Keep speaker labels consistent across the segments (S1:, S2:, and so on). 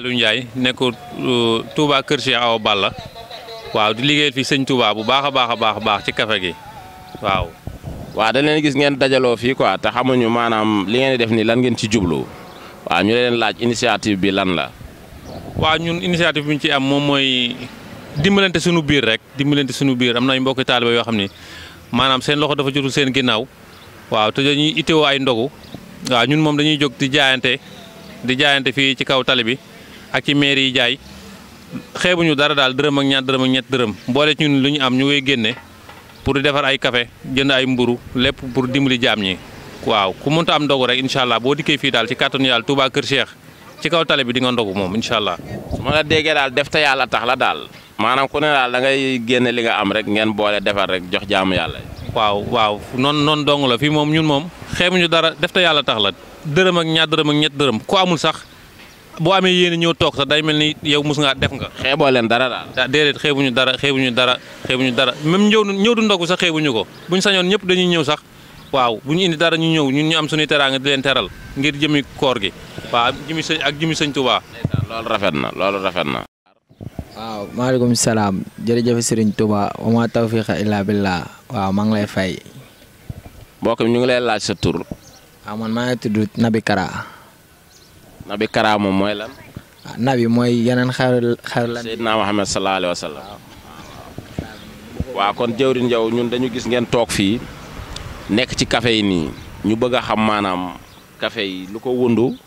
S1: Aliou Ndiaye nekk euh, Touba Kër a Awa la waaw di liggéeyal fii sëñ Touba bu baax a baax a baax a baax ci kafe gi waaw.
S2: waaw da leen gis ngeen dajaloo fii quoi te xamuñu maanaam li ngeen def nii lan ngeen ci jublu waaw ñu leen laaj initiative bi lan la.
S1: waaw ñun initiative bi ñu ci am moom mooy dimbalante sunu biir rek dimbalante suñu biir am na ay mbokki taaliba yoo xam ni maanaam seen loxo dafa jotul seen ginnaaw waaw te dañuy itteewoo ay ndogu waaw ñun moom bi. ak ci maire yi jaay ñu dara daal dërëm ak ñaar dërëm ak ñett dërëm boole ci ñun lu ñu am ñu koy génne pour di defar ay café jënd ay mburu lépp pour dimbali jaam ñi waaw ku mënta am ndogu rek incha allah boo dikkee fii daal ci kàttanu yàlla Touba Kër Cheikh ci kaw tale bi di nga ndogu moom incha allah. su ma a déggee daal def te yàlla tax la daal. maanaam ku ne daal da ngay génne li nga am rek ngeen boole defar rek jox jaamu yàlla. waaw waaw noonu noonu moom ñun moom xeebuñu dara def te yàlla tax la dërëm ak ñaar ak ñett dërëm ku amul sax boo amee yéen ñëw toog sax day mel ni yow mus ngaa def nga. xeeboo leen dara daal. Ah, déedéet xeebuñu dara xeebuñu dara xeebuñu dara même ñëw ñëw du ndogu sax xeebuñu ko buñ sañoon ñëpp dañuy ñëw sax waaw bu ñu indi dara ñu ñëw ñu am suñuy teraanga di leen teral ngir jëmi koor gi waaw jëmi sëñ ak jëmi sëñ Touba. loolu rafet na loolu rafet na.
S3: waaw maaleykum salaam jërëjëf Serigne Touba wa ma tawfiqa illa billah waaw maa lay fay.
S2: mbokk mi ñu ngi lay laaj sa tur.
S3: waaw man maa ngi Nabi Kara
S2: nabi karamu mooy lan.
S3: nabi mooy yeneen xeer xeer lan.
S2: Seydina Muhammad sallallahu alayhi wa sallam. waaw kon jëwrin Jaw ñun dañu gis ngeen toog fii nekk ci café yi nii ñu bëgg a xam maanaam café yi lu ko wundu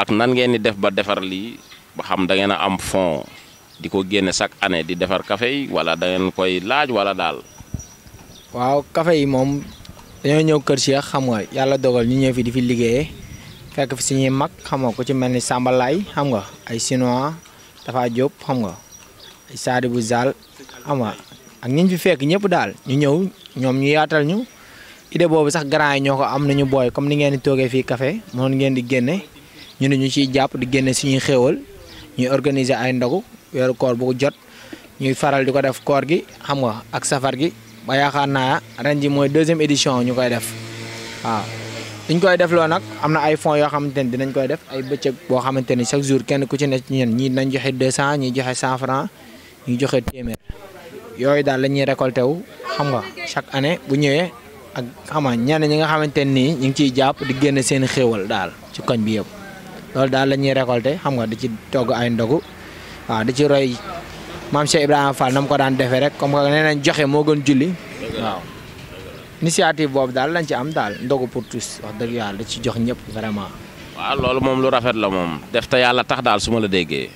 S2: ak nan ngeen di def ba defar lii ba xam da ngeen am fond di ko chaque année di defar café yi wala da ngeen koy laaj wala daal.
S3: waaw café yi moom dañoo ñëw kër Cheikh xam nga yàlla dogal ñu ñëw fi di fi liggéeyee. fekk fi suñuy mag xamoo nga ku ci mel ni sàmbalaay Laye xam nga ay chinois dafa Diop xam nga ay saadi bu zaal xam nga ak ñiñ fi fekk ñëpp daal ñu ñëw ñoom ñu yaatal ñu idée boobu sax grand yi ñoo ko am na ñu booy comme ni ngeen di toogee fii moom mënoon ngeen di génne ñu ne ñu ciy jàpp di génne suñuy xéewal ñuy organiser ay ndogu weeru koor bu jot ñuy faral di ko def koor gi xam nga ak safar gi ba yaakaar naa ren ji mooy deuxième édition ñu koy def waaw liñ koy def loo nag am na ay fonds yoo xamante ne dinañ koy def ay bëccëg boo xamante ni chaque jour kenn ku ci ne ci ñun ñii joxe deux cent ñii joxe cent franc ñii joxe téeméer yooyu daal la ñuy récolté wu xam nga chaque année bu ñëwee ak xam nga ñi nga xamante nii ñu ngi ciy jàpp di génne seen xéewal daal ci koñ bi yëpp loolu daal la ñuy récolté xam nga di ci togg ay ndogu waa di ci roy maam Cheikh Ibrahima Fall na mu ko daan defee rek comme que nee nañ joxe moo gën julli waaw. initiative boobu daal lañ ci am daal ndogu pour tous wax dëgg yàlla da ci jox ñëpp vraiment.
S2: waaw loolu moom lu rafet la moom def te yàlla tax daal su ma la déggee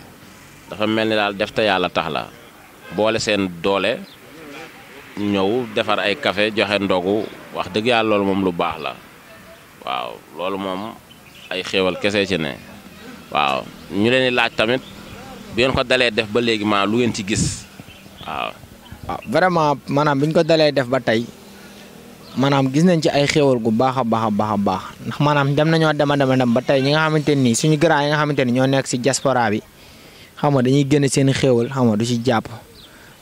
S2: dafa mel ni daal def te yàlla tax la boole seen doole ñëw defar ay kafe joxe ndogu wax dëgg yàlla loolu moom lu baax la waaw loolu moom ay xéewal kese ci ne waaw ñu leen di laaj tamit bi ngeen ko dalee def ba léegi maa lu ngeen ci gis waaw.
S3: waaw ah, vraiment maanaam bi ñu ko dalee def ba tey. maanaam gis nañ ci ay xéewal gu baax a baax a baax a baax ndax maanaam dem nañoo dema dema dem ba tey ñi nga xamante nii suñu grand yi nga xamante ni ñoo nekk si diaspora bi xam nga dañuy génn seeni xéewal xam nga du si jàpp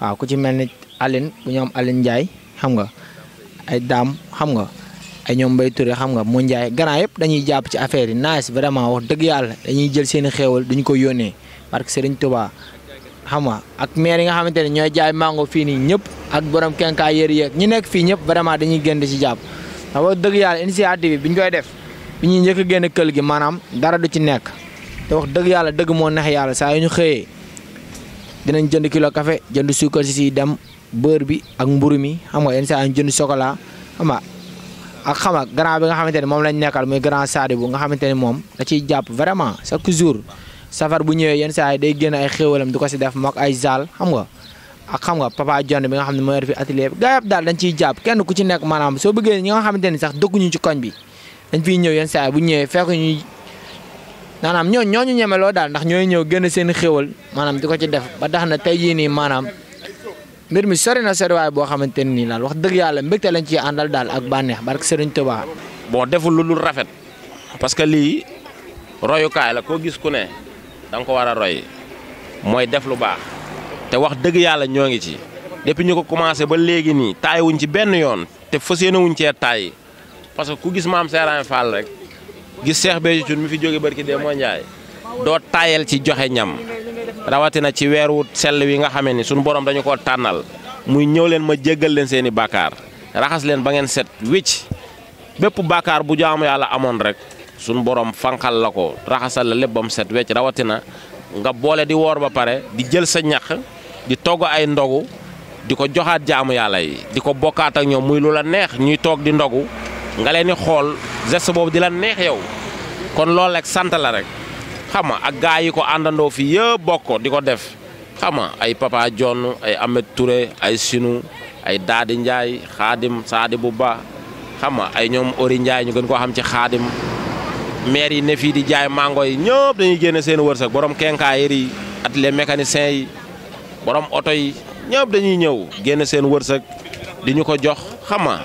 S3: waaw ku ci mel ni Aline ñoom Aline Ndiaye xam nga ay daam xam nga ay ñoom Mbaye Touré xam nga mu Ndiaye grand yëpp dañuy jàpp ci affaire yi nice vraiment wax dëgg yàlla dañuy jël seen xéewal duñu ko yónnee parce que Serigne xam nga ak maire yi nga xamante ne ñooy jaay mango fii nii ñëpp ak borom kenkaayéer yeeg ñi nek fi ñep vraiment dañuy gënd ci japp ndax wax dëgg yàlla initiative biñ koy def biñu ñëk njëkk a kël gi manam dara du ci nek te wax dëgg yaal dëgg mo neex yaal sa ñu xëyee dinañ jënd kilo café jënd sucre ci ci dem beurre bi ak mburu mi xam nga insa saa jënd chocolat xam nga ak xam nga grand bi nga xamanteni mom lañ nekkal muy grand sadi bu nga xamanteni mom da ci japp vraiment chaque jour safar bu ñëwee yeen saa yi day gën ay xéewalam di ko si def mook ay zal xam nga ak xam nga papa John bi nga xam ne moo fi atelier bi daal dañ ciy jàpp kenn ku ci nekk maanaam soo bëggee ñi nga xamante ni sax dëkkuñu ci koñ bi dañ fiy ñëw yenn saa bu ñëwee fekk ñuy maanaam ñoo ñooñu ñemeloo daal ndax ñooy ñëw génn seen xéwal maanaam di ko ci def ba tax na tey jii nii maanaam mbir mi sori na soriwaay boo xamante ni daal wax dëgg yàlla mbégte lañ ciy àndal daal ak bànneex barke Serigne Touba. bon
S2: deful lu dul rafet parce que lii royukaay la koo gis ku ne da nga ko war a roy mooy def lu te wax dëgg yàlla ñoo ngi ci depuis ñu ko commencé ba léegi nii taayewuñ ci benn yoon te fas yéene wuñ cee taay parce que ku gis maam Serigne Fall rek gis Cheikh Béthio Thioune mi fi jóge barki dee moo Ndiaye doo ci joxe ñam rawatina ci weeru sell wi nga xamee ni suñu borom dañu ko tànnal muy ñëw leen ma jéggal leen seen i bàkkaar raxas leen ba ngeen set wicc bépp bàkkaar bu jaamu yàlla amoon rek suñu borom fankal la raxasal la lépp ba mu set na rawatina nga boole di woor ba pare di jël sa ñax. di togg ay ndogu di ko joxaat jaamu yàlla yi di ko bokkaat ak ñoom muy lu la neex ñuy toog di ndogu nga leen di xool geste boobu di la neex yow kon loolu rek sant la rek xam nga ak gaa yi ko àndandoo fii yëpp bokk di ko def xam ay Papa John ay Ahmed Touré ay Sinu ay Daadi njaay Xaadim Saadi bu ba xam nga ay ñoom Ori njaay ñu gën koo xam ci Xaadim maire yi ne fii di jaay mango yi ñëpp dañuy génne seen wërsëg borom kenkaayir yi atelier mécanicien yi. borom oto yi ñëpp dañuy ñëw génn seen wërsëg di ñu ko jox xam nga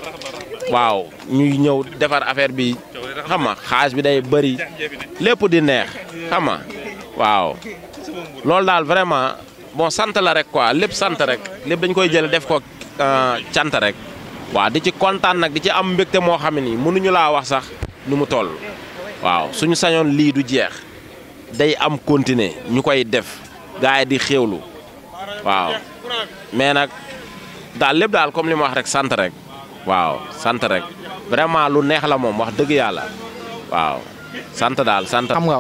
S2: waaw ñuy ñëw defar affaire bi xam nga xaas bi day bëri lépp di neex xam waaw loolu daal vraiment moo sant la rek quoi lépp sant rek lépp dañ koy jël def ko euh, cant rek waaw di ci kontaan nag di ci am mbégte moo xam ne nii mënuñu laa wax sax nu mu toll waaw suñu sañoon lii du jeex day am continuer ñu koy def gaay di xéewlu waaw mais nag daal lépp daal comme li ma wax rek sant rek waaw sant rek vraiment lu neex la moom wax dëgg yàlla waaw sant daal sant. xam nga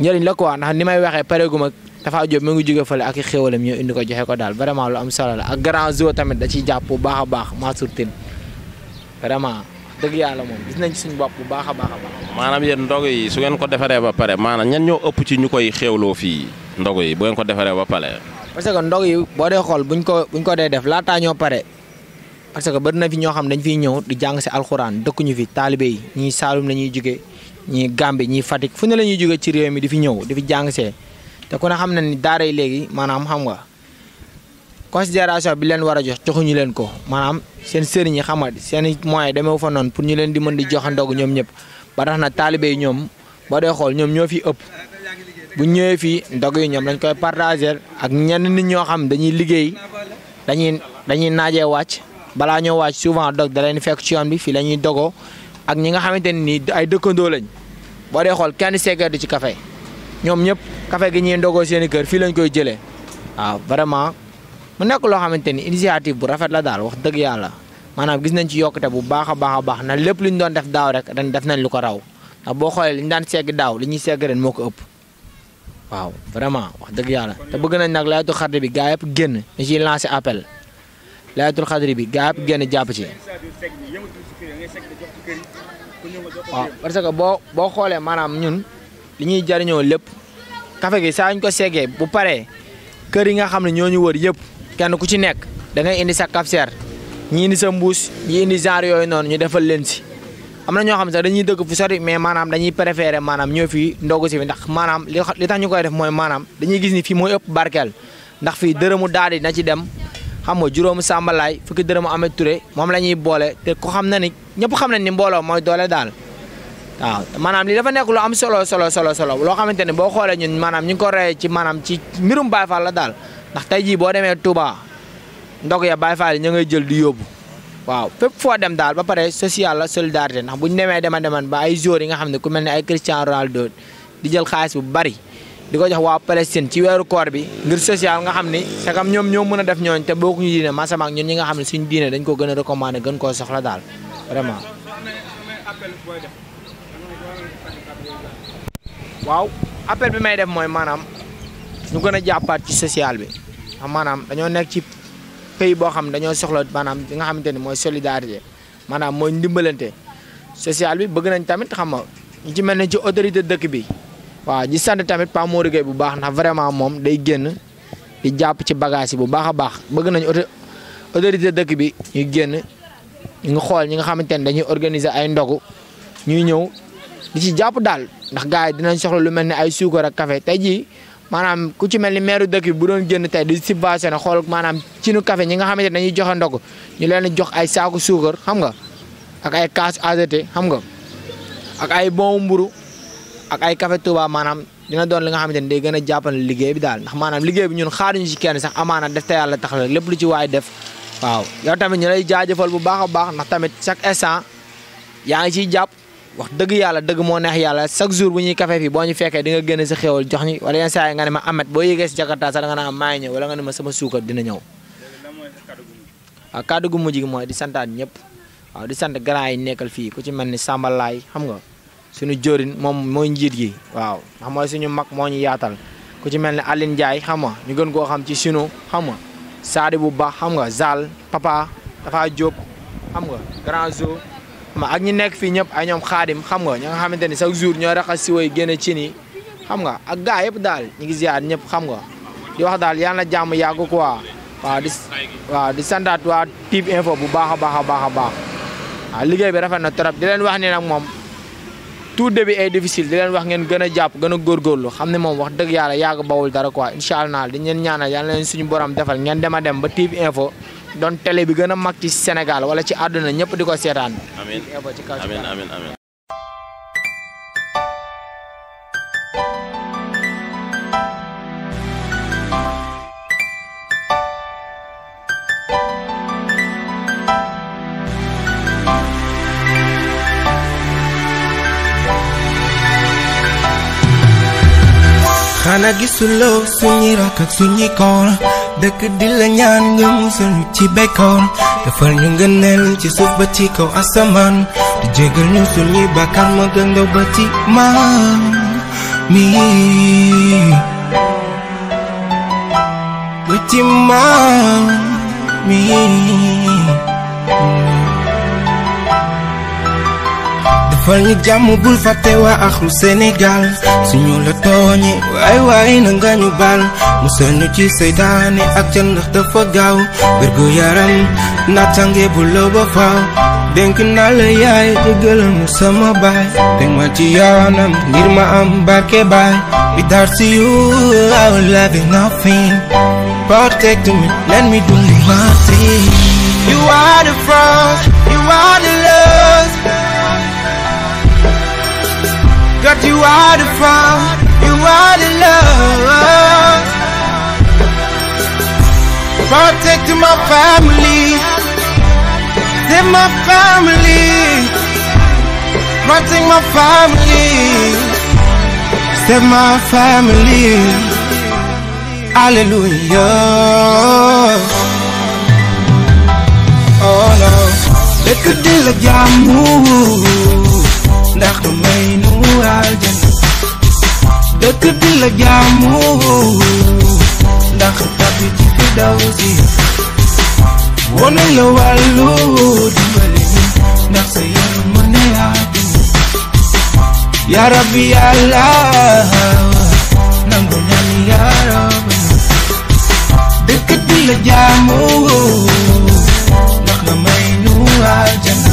S3: njëriñ la quoi ndax ni may waxee pare gu ma Tafa Diop ngi jóge fële ak i xéwalam ñoo indi ko joxe ko daal vraiment lu am solo la ak grand zoo tamit da ciy jàpp bu baax a baax Mansour Tine vraiment dëgg yàlla moom gis nañ suñu bopp bu baax a baax a
S2: maanaam yéen ndogu yi su ngeen ko defaree ba pare maanaam ñan ñoo ëpp ci ñu koy xéwloo fii ndogu yi bu ko defaree ba
S3: parce que ndog yi boo dee xool buñ ko buñ ko dee def laataa ñoo pare parce que bari na fi ñoo xam dañ fiy ñëw di jàng se alxuraan dëkkuñu fi taalibe yi Saalum la ñuy jugee ñii Gambie ñii Fatick fu ne la ñuy jugee ci réew mi di fi ñëw di fi jàng see te ku ne xam na ni daara yi léegi maanaam xam nga considération bi leen war a jox joxuñu leen ko maanaam seen sëriñ ñi xamal seen i moyens demewu fa noonu pour ñu leen di mën di jox ndog ñoom ñëpp ba tax na taalibe yi ñoom boo dee xool ñoom ñoo fi ëpp bu ñëwee fii ndog yi ñoom dañ koy partager ak ñenn nit ñoo xam dañuy liggéey dañuy dañuy naajee wàcc balaa ñoo wàcc souvent dog da leen fekk ci yoon bi fii la ñuy dogoo ak ñi nga xamante ne nii ay dëkkandoo lañ boo de xool kenn seekeer du ci kafe ñoom ñëpp kafe gi ñuy ndogoo seen i kër fii lañ koy jëlee waaw vraiment mu nekk loo xamante ni initiative bu rafet la daal wax dëgg yàlla maanaam gis nañ ci yokkute bu baax a baax baax na lépp lu ñu doon def daaw rek ren def nañ lu ko raw ndax boo xoolee li ñu daan segg daaw li ñuy segg ren moo ko ëpp Wow, vraiment wax dëgg yàlla te bëgg nañ nag laylatul xadri bi gaa yëpp génn ñu ciy lancé appel laylatul xadri bi gaa yëpp génn jàpp ci waaw parce que boo boo xoolee maanaam ñun li ñuy jariñoo lépp café gi saa ñu ko seggee bu paree kër yi nga xam ne ñoo ñu wër yëpp kenn ku ci nekk da ngay indi sa cafetière ñi indi sa mbuus ñi indi am na ñoo xam sax dañuy dëkk fu sori mais maanaam dañuy préféré maanaam ñoo fii ndogu si fi ndax maanaam li tax ñu koy def mooy maanaam dañuy gis ni fii mooy ëpp barkeel ndax fii dërëmu daal di na ci dem xam nga juróomu sàmbalaay fukki dërëmu ame ture moom la ñuy boole te ko xam na ni ñëpp xam nañ ni mbooloo mooy doole daal waaw maanaam li dafa nekk lu am solo solo solo solo loo xamante ne boo xoolee ñun maanaam ñu ngi ko rey ci maanaam ci mbirum Baye Fall la daal ndax tey jii boo demee Touba ndog ya Baye Fall yi ngay jël di yóbbu waaw fépp foo dem daal ba pare social la solidarité ndax bu ñu demee dema deman ba ay joueurs yi nga xam ne ku mel ne ay christian Ronaldo di jël xaalis bu bari di ko jox waa Palestine ci weeru koor bi ngir social nga xam ne sagam ñoom ñoo mën a def ñooñ te bokkuñu diine masama ak ñun ñi nga xam ne suñu diine dañ ko gën a recommandé gën koo soxla daal vraiment waaw appel bi may def mooy maanaam ñu gën a jàppaat ci social bi maanaam dañoo nekk ci pays boo xam dañoo soxla maanaam li nga xamante ni mooy solidarité maanaam mooy ndimbalante social bi bëgg nañ tamit xam nga ñu ci mel ne ci autorité dëkk bi waaw ñu sant tamit Pa Modou Gueye bu baax na vraiment moom day génn di jàpp ci bagage bu baax a baax bëgg nañ autorité dëkk bi ñu génn ñu ngi xool ñi nga xamante ne dañuy organiser ay ndogu ñuy ñëw di ci jàpp daal ndax gars yi dinañ soxla lu mel ni ay suukar a café tey jii maanaam ku ci mel ni maire dëkk bi bu doon génn tey di subventionné xool maanaam ci nu café ñi nga xamante ne dañuy joxe ndogu ñu leen jox ay saaku suukar xam nga ak ay kaas AZT xam nga ak ay bon mburu ak ay café Touba maanaam dina doon li nga xamante ne day gën a jàppale bi daal ndax maanaam liggéey bi ñun xaaruñu ci kenn sax amaana def te yàlla tax la lépp lu ci waay def waaw yow tamit ñu lay jaajëfal bu baax a baax ndax tamit chaque instant yaa ngi ciy jàpp wax dëgg yàlla dëgg moo neex yàlla chaque jour bu ñuy café fii boo ñu fekkee di nga génn si xéwal jox ñi wala yenn saa yi nga ne ma amet boo yégee si jakarta sax nga ne am ñëw wala nga ne sama suukar dina ñëw waaw kàddu gu mujj gi mooy di santaat ñëpp waaw di sant grand yi nekkal fii ku ci mel ni sàmbalaay xam nga suñu jóorin moom mooy njiit gi waaw ndax mooy suñu mag moo ñu yaatal ku ci mel ni Aline Ndiaye xam nga ñu gën koo xam ci sunu xam nga saadi bu baax xam nga Zal papa dafa Diop xam ma ak ñi nekk fii ñëpp ay ñoom xaadim xam nga ñi nga xamante ni chaque jour ñooy raxas si way génne ci nii xam nga ak gaa yëpp daal ñu ngi ziar ñëpp xam nga di wax daal yàlla na jàmm yàgg quoi waaw di waaw di santaat waa Tip Info bu baax a baax a baax a baax waaw liggéey bi rafet na trop di leen wax ni nag moom tout début est difficile di leen wax ngeen gën a jàpp gën a góorgóorlu xam ne moom wax dëgg yàlla yàgg bawul dara quoi incha allah di ngeen ñaana yàlla leen suñu borom defal ngeen dem a dem ba Tip Info Don télé bi gëna mag ci Sénégal wala ci aduna ñëpp diko sétane
S2: Amin amin amin. amin amiin
S4: xanaa gisuloo suñuy rakk ak koor deket di lenyan ngem sun ci bekon da far ñu ngeenel ci asaman di jegal ñu sun ñi bakkan ma gëndaw ba ci defal bul Sénégal la ci ak ca ndax dafa yaram bu ba dénk la yaay mu sama ma ci ngir ma am barke dar si you I will nothing protect me let me do my thing you are the frost you are the love Got you out of found, you out of love. Protecting my family, save my family. Protect my family, save my family. Hallelujah. Oh no, they could deal like Yamu. Dag de aljan dëkk bi la jaamu ndax tàbbi fi daw si wone la wàllu dimbali ndax sa yar mën na yaatu yaa rabbi yàlla nangu ñaan yaa rabbi dëkk la jaamu ndax nga may aljan